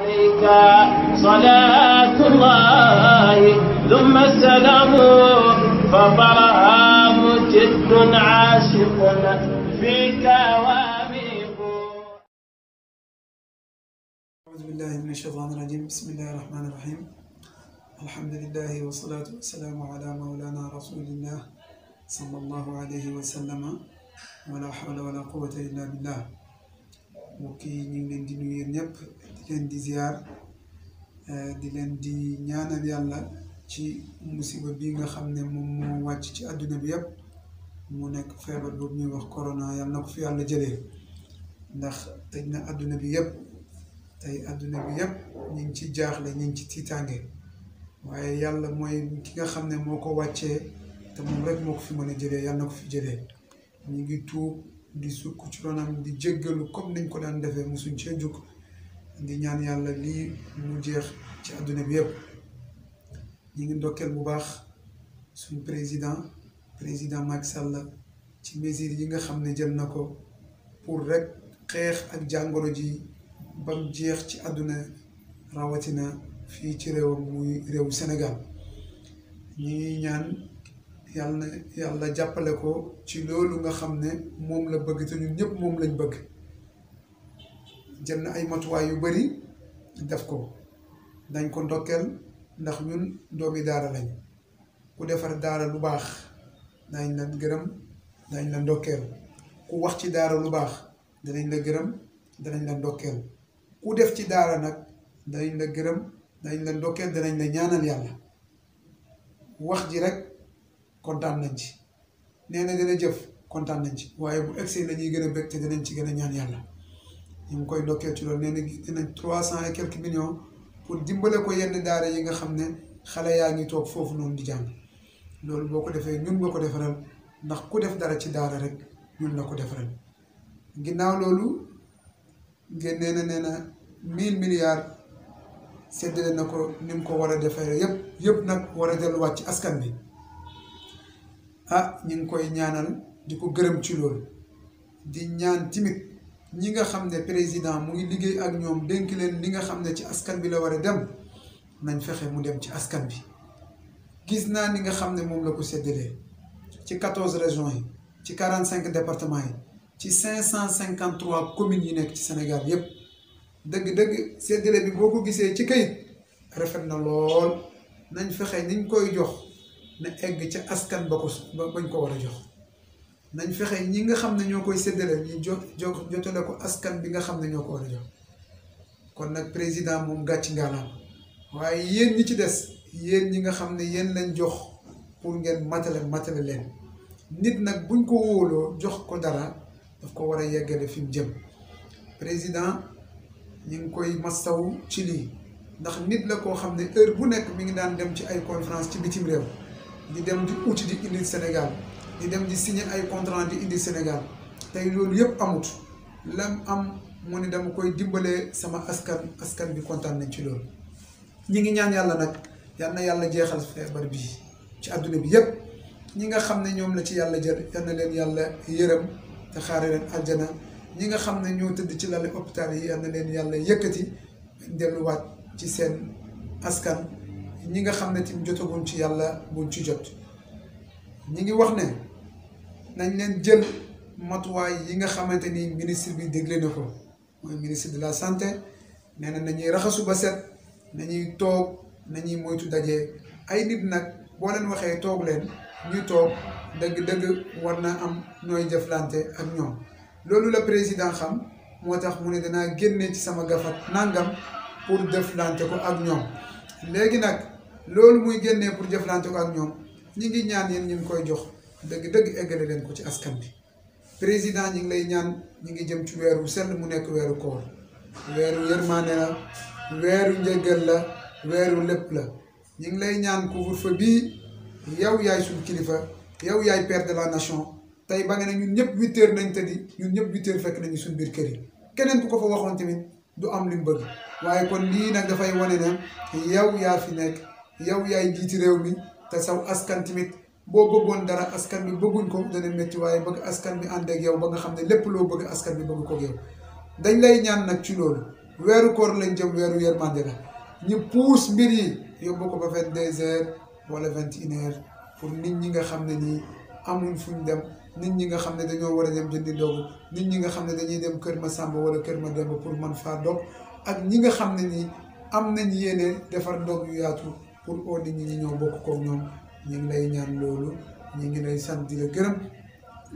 عليك صلاة الله ثم السلام فطرها مجد عاشق فيك واميق أعوذ بالله من الشيطان الرجيم بسم الله الرحمن الرحيم الحمد لله والصلاة والسلام على مولانا رسول الله صلى الله عليه وسلم ولا حول ولا قوة إلا بالله mbokk yi ñu ngi leen di nuyu yéen ñëpp leen di ziar eh, di leen di ñaanal yàlla ci musiba bi nga xam ne moom moo wàcc ci àdduna bi yëpp mu nekk feebar boobu ñuy wax corona yàlla na ko fi yàlla jëlee ndax tëj na àdduna bi yëpp tey àdduna bi yëpp ñu ci jaaxle ñu ngi ci tiitaange waaye yàlla mooy ki nga xam ne moo ko wàccee te moom rek moo ko fi mën a jëlee yàlla na ko fi jëlee ñu ngi tuub di sukk ci ronam di jéggalu comme niñ ko daan defee mosuñ cee jukk di ñaan yàlla lii mu jeex ci àdduna bi yëpp ñu ngi ndokkeel bu baax suñu président président Macky Sall ci mesures yi nga xam ne jël na ko pour rekk xeex ak jàngoro ji bam jeex ci àdduna rawatina fii ci réewam muy réew Sénégal ñu ñaan yàlla na yàlla jàppale ko ci loolu nga xam ne moom la bëgg te ñun ñëpp moom lañ bëgg. jël na ay matuwaay yu bari def ko dañ ko ndokkeel ndax ñun doomi daara lañ ku defar daara lu baax daañ la gërëm daañ la ndokkeel ku wax ci daara lu baax danañ la gërëm danañ la ndokkeel ku def ci daara nag danañ la gërëm danañ la ndokkeel danañ la ñaanal yàlla wax ji rek kontaan nañ ci nee na dina jëf kontaan nañ ci waaye bu egsee la ñuy gën a bëgg te danañ ci gën a ñaan yàlla ñu ngi koy ndokkee ci loolu nee na gis nañ trois cent et quelques millions pour dimbale ko yenn daara yi nga xam ne xale yaa ngi toog foofu noonu di jàng loolu boo ko defee ñun nga ko defaral ndax ku def dara ci daara rek ñun la ko defaral ginnaaw loolu ngeen na nee na mille milliards séddale na ko ni mu ko war a defee yëpp yëpp nag war a delluwaat ci askan bi ah ñu ngi koy ñaanal di ko gërëm ci loolu di ñaan timit ñi nga xam ne président mu ngi liggéey ak ñoom dénk leen li nga xam ne ci askan bi la war a dem nañ fexe mu dem ci askan bi gis naa ni nga xam ne moom la ko séddalee ci quatorze régions yi ci quarante cinq départements yi ci cinq cent cinquante trois communes yi nekk ci Sénégal yépp dëgg-dëgg séddale bi boo ko gisee ci kayit rafet na lool nañ fexe niñ koy jox na egg ci askan ba ko bañ ko war a jox nañ fexe ñi nga xam ne ñoo koy séddale ñu jot jo jotale ko askan bi nga xam ne ñoo ko war a jox kon nag président moom gàcc ngaalaam waaye yéen ñi ci des yéen ñi nga xam ne yéen lañ jox pour ngeen matale matale leen nit nag buñ ko wóoloo jox ko dara daf ko war a yeggale fi mu jëm président ñu ngi koy mastaw ci lii ndax nit la koo xam ne heure bu nekk mi ngi daan dem ci ay conférence ci bitim réew di dem di uti di indil Sénégal di dem di signer ay contrat di indi Sénégal tey loolu yëpp amut lam am mu ne dama koy dimbalee sama askan askan bi kontaan nañ ci loolu ñi ngi ñaan yàlla nag yal na yàlla jeexal feebar bi ci àdduna bi yëpp ñi nga xam ne ñoom la ci yàlla jël yal leen yàlla yërëm te xaare leen aljana ñi nga xam ne ñoo tëdd ci lali hôpital yi yal na leen yàlla yëkkati delluwaat ci seen askan ñi nga xam ne tim jotaguñ ci yàlla buñ ci jot ñi ngi wax ne nañ leen jël matuwaay yi nga xamante ni ministre bi dégle na ko mooy ministre de la santé nee na nañuy raxasu ba set nañuy toog nañuy moytu daje ay nit nag boo leen waxee toog leen ñu toog dëgg-dëgg war na am nooy jëflante ak ñoom loolu la président xam moo tax mu ne danaa génne ci sama gafat nàngam pour jëflante ko ak ñoom léegi nag loolu muy génnee pour jëflante ko ak ñoom ñi ngi ñaan yéen ñu ngi koy jox dëgg-dëgg eggale leen ko ci askan bi président ñi ngi lay ñaan ñi ngi jëm ci weeru sell mu nekk weeru koor weeru yërmaane la weeru njëgal la weeru lépp la ñi ngi lay ñaan couvre-feu bii yow yaay suñu kilifa yow yaay per de la nation tey ba nga ne ñun ñëpp huit nañ tëddi ñun ñëpp huit heures fekk nañu suñ biir kër yi keneen ku ko fa waxoon tamit du am li mu bëgg waaye kon lii nag dafay wane ne yow yaa fi nekk yow yaay jiiti réew mi te saw askan boo bëggoon dara askan bi bëgguñ ko dana métti bëgg askan bi ànd ak yow ba nga xam ne lépp loo bëgg askan bi bëgg ko ak dañ lay ñaan nag ci loolu weeru koor lañ jëm weeru yërmande la ñu puus mbir yi yóbbu ko ba vingt deux heures wala vingt une pour nit ñi nga xam ne nii amuñ fuñ dem nit ñi nga xam ne dañoo war a dem jëndi dogu nit ñi nga xam ne dañuy dem kër ma sàmba wala kër ma demba pour man faa dog ak ñi nga xam ne nii am nañ yéene defar ndog yu yaatu pour oo nit ñi ñi ñoo bokk koog ñoom ñu ngi lay ñaan loolu ñu ngi lay sant di la gërëm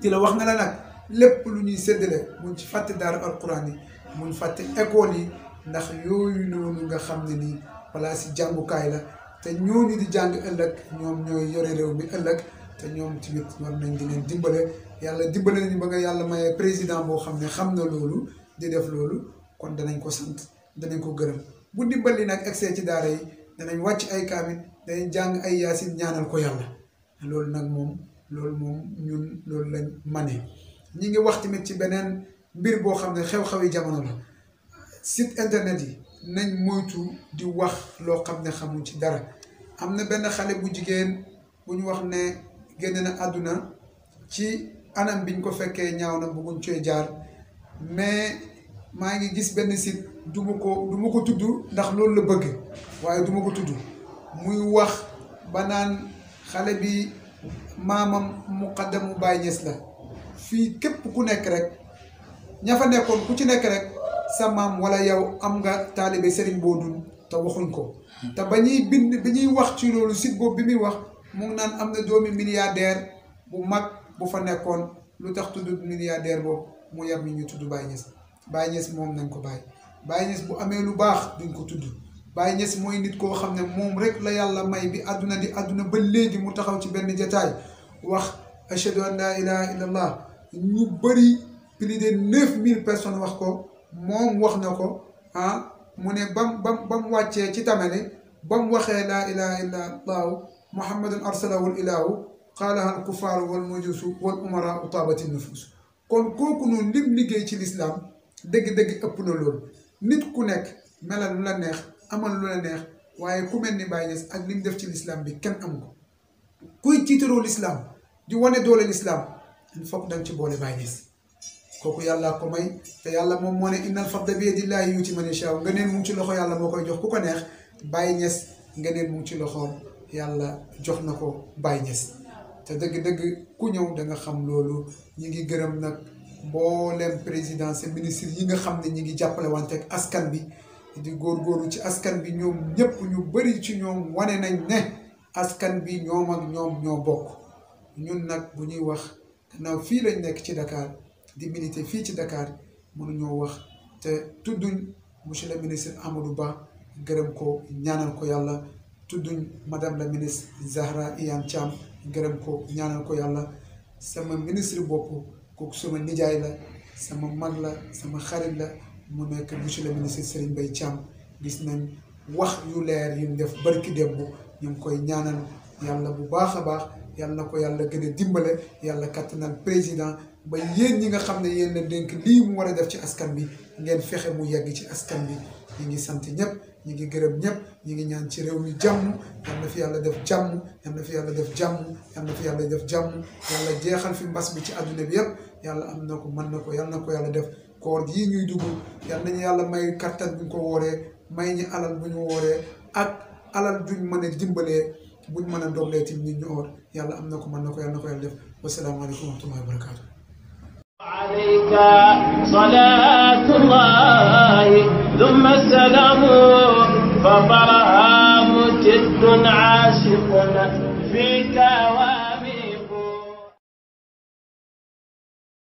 di la wax nga la nag lépp lu ñuy séddale mun ci fàtte daara alquran yi mun fàtte école yi ndax yooyu noonu nga xam ne nii place yi jàngukaay la te ñooñu di jàng ëllëg ñoom ñooy yore réew mi ëllëg te ñoom tamit war nañ di leen dimbale yàlla dimbale nañu ba nga yàlla maye président boo xam ne xam na loolu di def loolu kon danañ ko sant danañ ko gërëm bu dimbal dimbali nag egsee ci daara yi danañ wàcc ay kaamit day jàng ay yaasin ñaanal ko yàlla loolu nag moom loolu moom ñun loolu lañ manee ñi ngi wax tamit ci beneen mbir boo xam ne xew-xewi jamono la site internet yi nañ moytu di wax loo xam ne xamuñ ci dara am na benn xale bu jigéen bu ñu wax ne génn na àdduna ci anam biñ ko fekkee ñaaw na bëgguñ cee jaar mais maa ngi gis benn site du ko duma ko tudd ndax loolu la bëgg waaye du ma ko tudd muy wax ba naan xale bi maamam muqaddamu Baay Ñas la fii képp ku nekk rek ña fa nekkoon ku ci nekk rek sa maam wala yow am nga taalibe Serigne boo dun te waxuñ ko te ba ñuy bind bi ñuy wax ci loolu sit boobu bi muy wax mu naan am na doomi milliardaire bu mag bu fa nekkoon lu tax tudd milliardaire boobu mu yam yi ñu tudd Baay Ñas moom nañ ko bàyyi Baay bu amee lu baax duñ ko tudd Baye Niass mooy nit koo xam ne moom rek la yàlla may bi àdduna di àdduna ba léegi mu taxaw ci benn jataay wax ashhadu an laa ilaha illa allah ñu bëri plus de neuf mille personnes wax ko moom wax na ko ah mu ne bam bam ba mu wàccee ci tamane ba mu waxee laa ilaha illa allahu muhammadun arsalahul ilahu qaalaha al kufaaru wal majuusu wal umarau taabati nufuus kon kooku noonu lim liggéey ci lislaam dëgg-dëgg ëpp na loolu nit ku nekk melal lu la neex amal lu la neex waaye ku mel ni Baye Niass ak li mu def ci lislaam bi kenn amu ko kuy tiitaroo lislaam di wane doole lislaam foog danga ci boole Baye Niass kooku yàlla ko may te yàlla moom moo ne innal fadla bi yadillaahi yuuti man yashaa nga neen mu loxo yàlla moo koy jox ku ko neex Baye Niass nga neen ci loxoom yàlla jox na ko Baye Niass te dëgg-dëgg ku ñëw da nga xam loolu ñu ngi gërëm nag mboolem président ministre yi nga xam ne ñu ngi jàppale wante ak askan bi di góorgóorlu ci askan bi ñoom ñëpp ñu bëri ci ñoom wane nañ ne askan bi ñoom ak ñoom ñoo bokk ñun nag bu ñuy wax gannaaw fii lañ nekk ci dakaar di militer fii ci dakaar Dakar mënuñoo wax te tudduñ monsieur le ministre Amadou Ba gërëm ko ñaanal ko yàlla tudduñ madame la ministre Zahra Iyane Thiam gërëm ko ñaanal ko yàlla sama ministre bopp kooku sama nijaay la sama mag la sama xarit la mu nekk monsieur le ministre Serigne Mbaye Thiam gis nañ wax yu leer yu mu def barki démb ñu ngi koy ñaanal yàlla bu baax a baax yàlla na ko yàlla gën a dimbale yàlla kattanal président ba yéen ñi nga xam ne yéen la dénk lii mu war a def ci askan bi ngeen fexe mu yegg ci askan bi ñu ngi sant ñëpp ñu ngi gërëm ñëpp ñu ngi ñaan ci réew mi jàmm yal fi yàlla def jàmm yal na yàlla def jàmm yal na fi yàlla def jàmm yàlla jeexal fi mbas bi ci àdduna bi yëpp yàlla am na ko mën na ko yal na ko yàlla def koor gii ñuy dugg yal nañu yàlla may kattan buñ ko wooree may ñu alal bu ñu wooree ak alal juñ mën a dimbalee buñ mën a doglee tim nit ñu oor yàlla am na ko mën na ko yàlla na ko yàlla def wasalaamaaleykum wa rahmatullahi wa barakaatu alayka salaatullahi thumma salaamu fa barhaamu jiddun aashiqun fika